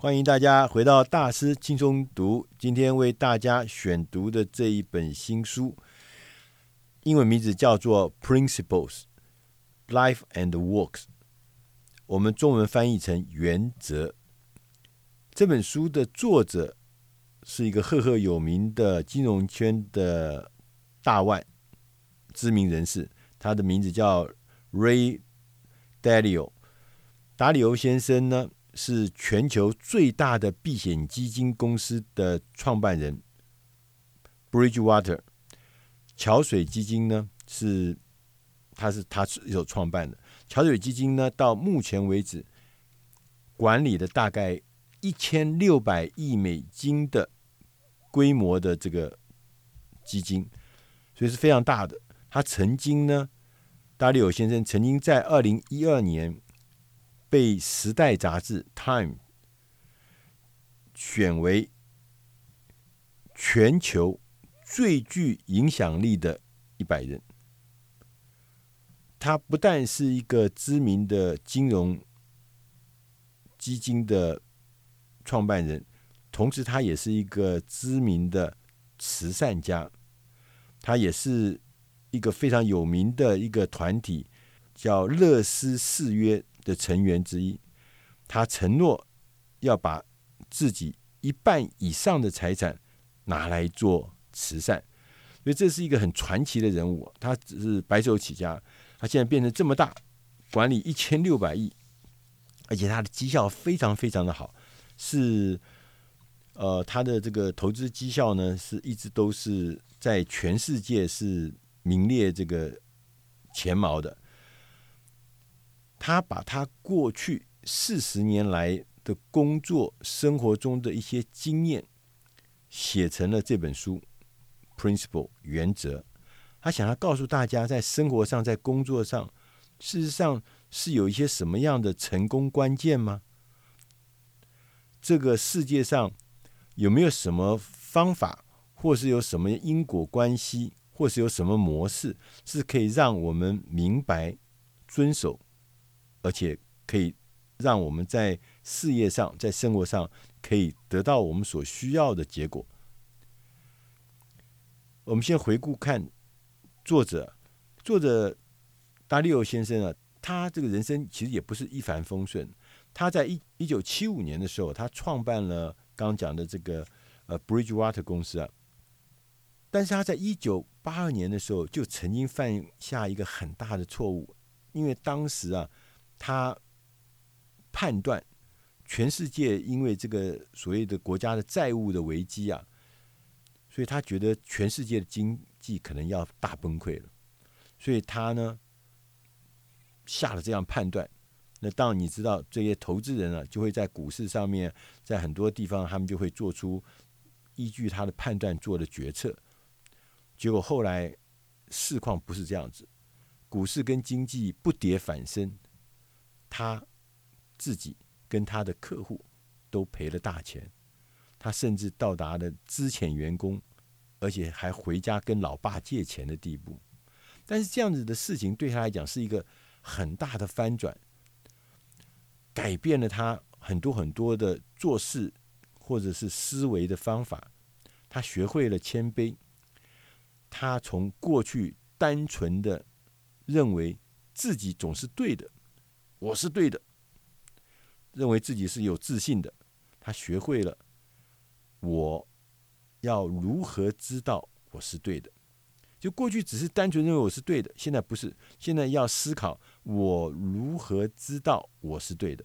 歡迎大家回到大師輕鬆讀。今天為大家選讀的這一本新書，英文名字叫做《Principles: Life and Works》，我們中文翻譯成《原則》。這本書的作者是一個赫赫有名的金融圈的大腕、知名人士，他的名字叫 Ray Dalio。達里歐先生呢，是全球最大的避險基金公司的創辦人，Bridgewater 橋水基金呢，是他是他所創辦的橋水基金呢，到目前為止管理的大概一千六百億美金的規模的這個基金，所以是非常大的。他曾經呢，達利歐先生曾經在二零一二年。被《時代》雜誌 （Time） 選為全球最具影響力的一百人。他不但是一個知名的金融基金的創辦人，同時他也是一個知名的慈善家。他也是一個非常有名的一個團體，叫“樂施誓約”。的成員之一，他承諾要把自己一半以上的財產拿來做慈善，所以這是一個很傳奇的人物。他只是白手起家，他現在變成這麼大，管理一千六百億，而且他的績效非常非常的好，是呃，他的這個投資績效呢，是一直都是在全世界是名列這個前茅的。他把他過去四十年來的工作生活中的一些經驗寫成了這本書《Principles》原則。他想要告訴大家，在生活上、在工作上，事實上是有一些什麼樣的成功關鍵嗎？這個世界上有沒有什麼方法，或是有什麼因果關係，或是有什麼模式，是可以讓我們明白、遵守？而且可以讓我們在事業上、在生活上可以得到我們所需要的結果。我們先回顧看作者，作者達利歐先生啊，他這個人生其實也不是一帆風順。他在一一九七五年的時候，他創辦了剛剛講的這個呃 Bridgewater 公司啊，但是他在一九八二年的時候就曾經犯下一個很大的錯誤，因為當時啊。他判斷全世界因為這個所謂的國家的債務的危機啊，所以他覺得全世界的經濟可能要大崩潰了，所以他呢，下了這樣判斷。那當你知道這些投資人啊，就會在股市上面，在很多地方，他們就會做出依據他的判斷做的決策。結果後來市況，不是這樣子，股市跟經濟不跌反升。他自己跟他的客戶都賠了大錢，他甚至到達了資遣員工，而且還回家跟老爸借錢的地步。但是這樣子的事情對他來講是一個很大的翻轉，改變了他很多很多的做事或者是思維的方法。他學會了謙卑，他從過去單純的認為自己總是對的。我是對的，認為自己是有自信的。他學會了，我要如何知道我是對的？就過去只是單純認為我是對的，現在不是，現在要思考我如何知道我是對的。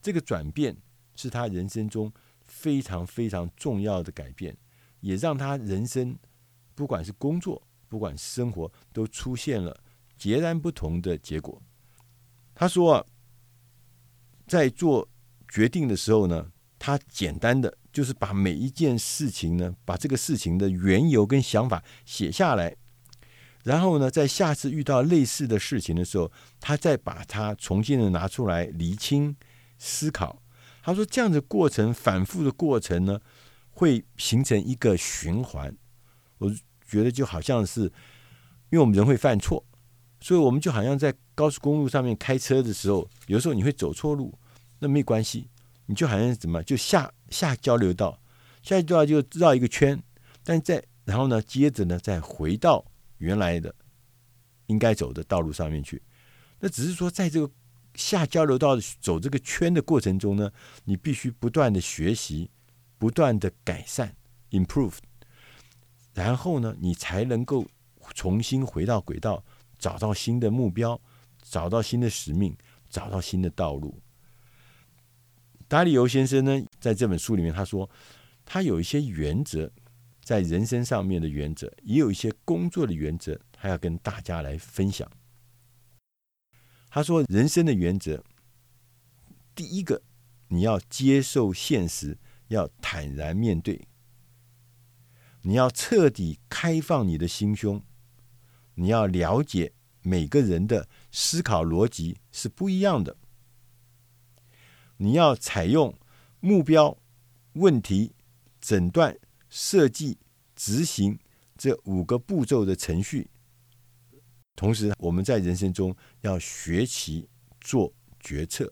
這個轉變是他人生中非常非常重要的改變，也讓他人生不管是工作，不管是生活，都出現了截然不同的結果。他說在做決定的時候呢，他簡單的就是把每一件事情呢，把這個事情的緣由跟想法寫下來，然後呢，在下次遇到類似的事情的時候，他再把它重新的拿出來釐清思考。他說，這樣的過程反復的過程呢，會形成一個循環。我覺得就好像是，因為我們人會犯錯。所以我們就好像在高速公路上面開車的時候，有時候你會走錯路，那沒關係，你就好像怎麼就下下交流道，下交流道就繞一個圈，但再然後呢，接着呢再回到原來的應該走的道路上面去。那只是說，在這個下交流道走這個圈的過程中呢，你必須不斷的學習，不斷的改善 （improve），然後呢，你才能夠重新回到軌道。找到新的目標，找到新的使命，找到新的道路。達利歐先生呢，在這本書裡面，他說他有一些原則，在人生上面的原則，也有一些工作的原則，他要跟大家來分享。他說，人生的原則，第一個，你要接受現實，要坦然面對，你要徹底開放你的心胸。你要了解每個人的思考邏輯是不一樣的，你要採用目標、問題、診斷、設計、執行這五個步驟的程序。同時，我們在人生中要學習做決策。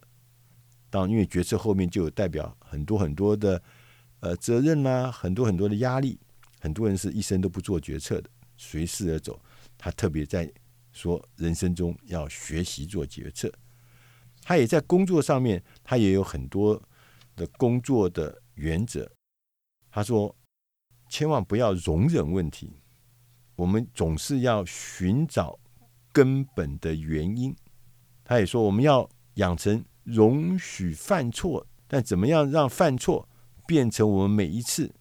當然因為決策後面就有代表很多很多的呃責任啦、啊，很多很多的壓力。很多人是一生都不做決策的，隨時而走。他特別在說，人生中要學習做決策。他也在工作上面，他也有很多的工作的原則。他說，千萬不要容忍問題。我們總是要尋找根本的原因。他也說，我們要養成容許犯錯，但怎麼樣讓犯錯變成我們每一次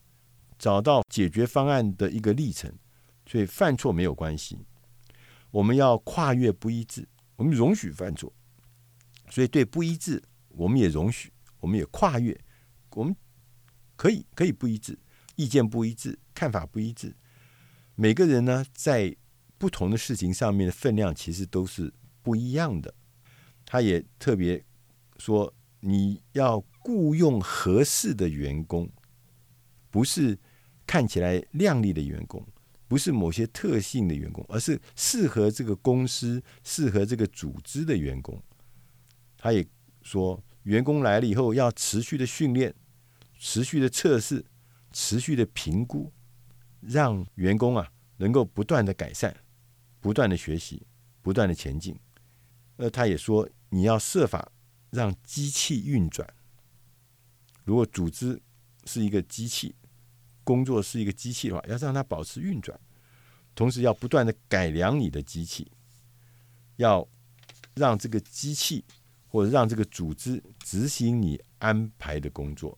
找到解決方案的一個歷程。所以犯錯沒有關係。我們要跨越不一致，我們容許犯錯，所以對不一致我們也容許，我們也跨越，我們可以可以不一致，意見不一致，看法不一致，每個人呢在不同的事情上面的分量其實都是不一樣的。他也特別說，你要雇用合適的員工，不是看起來靚麗的員工。不是某些特性的員工，而是適合這個公司、適合這個組織的員工。他也說，員工來了以後要持續的訓練、持續的測試、持續的評估，讓員工啊能夠不斷的改善、不斷的學習、不斷的前進。而他也說，你要設法讓機器運轉。如果組織是一個機器。工作是一個機器的話，要讓它保持運轉，同時要不斷的改良你的機器，要讓這個機器或者讓這個組織執行你安排的工作。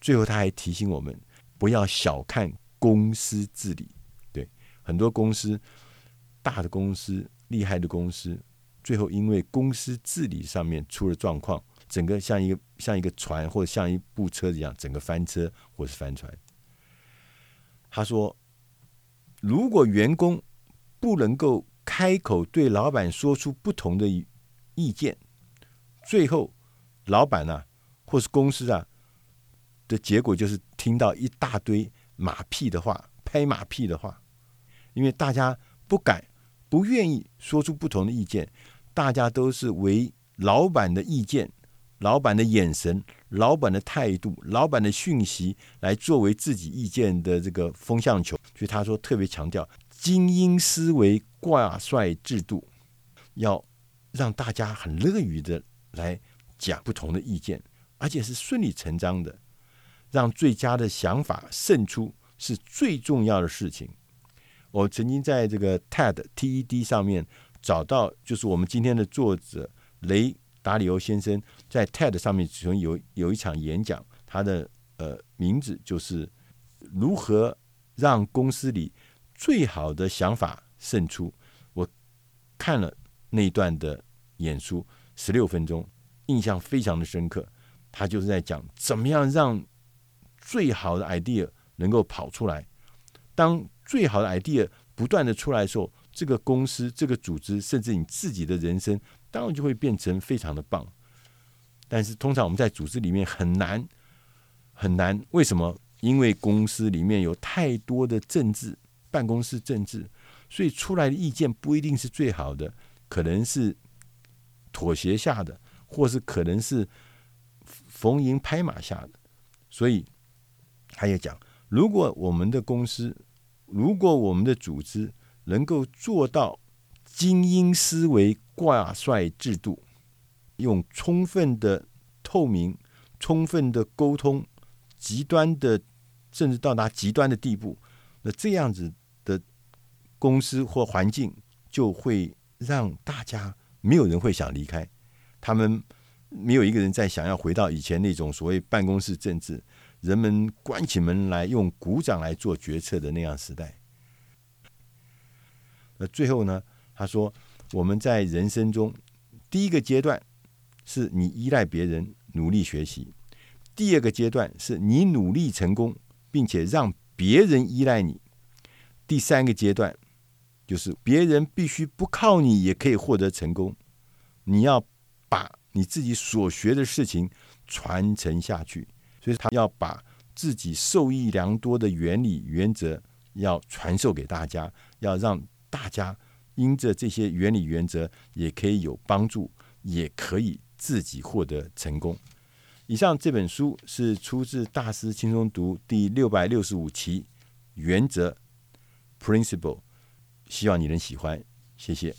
最後，他還提醒我們不要小看公司治理。對，很多公司，大的公司、厲害的公司，最後因為公司治理上面出了狀況，整個像一個像一個船或者像一部車子一樣，整個翻車或是翻船。他說：“如果員工不能夠開口對老闆說出不同的意見，最後老闆呢、啊，或是公司啊，的結果就是聽到一大堆馬屁的話、拍馬屁的話，因為大家不敢、不願意說出不同的意見，大家都是為老闆的意見。”老闆的眼神、老闆的態度、老闆的訊息，來作為自己意見的這個風向球。所以他說特別強調，精英思維掛帥制度，要讓大家很樂於的來講不同的意見，而且是順理成章的，讓最佳的想法勝出是最重要的事情。我曾經在這個 TED TED 上面找到，就是我們今天的作者雷達里歐先生，在 TED 上面，其中有有一場演講，他的呃名字就是如何讓公司裡最好的想法勝出。我看了那一段的演說，十六分鐘，印象非常的深刻。他就是在講怎麼樣讓最好的 idea 能夠跑出來。當最好的 idea 不斷的出來的時候，這個公司、這個組織，甚至你自己的人生，當然就會變成非常的棒。但是通常我們在組織裡面很難很難，為什麼？因為公司裡面有太多的政治，辦公室政治，所以出來的意見不一定是最好的，可能是妥協下的，或是可能是逢迎拍馬下的。所以他也講，如果我們的公司，如果我們的組織能夠做到精英思維掛帥制度。用充分的透明、充分的溝通、極端的，甚至到達極端的地步，那這樣子的公司或環境就會讓大家沒有人會想離開。他們沒有一個人再想要回到以前那種所謂辦公室政治，人們關起門來用鼓掌來做決策的那樣時代。那最後呢？他說，我們在人生中第一個階段。是你依賴別人努力學習，第二個階段是你努力成功，並且讓別人依賴你。第三個階段就是別人必須不靠你也可以獲得成功。你要把你自己所學的事情傳承下去，所以他要把自己受益良多的原理原則要傳授給大家，要讓大家因着這些原理原則也可以有幫助，也可以。自己獲得成功。以上這本書是出自《大師輕鬆讀》第六百六十五期《原則》（Principle），希望你能喜歡，謝謝。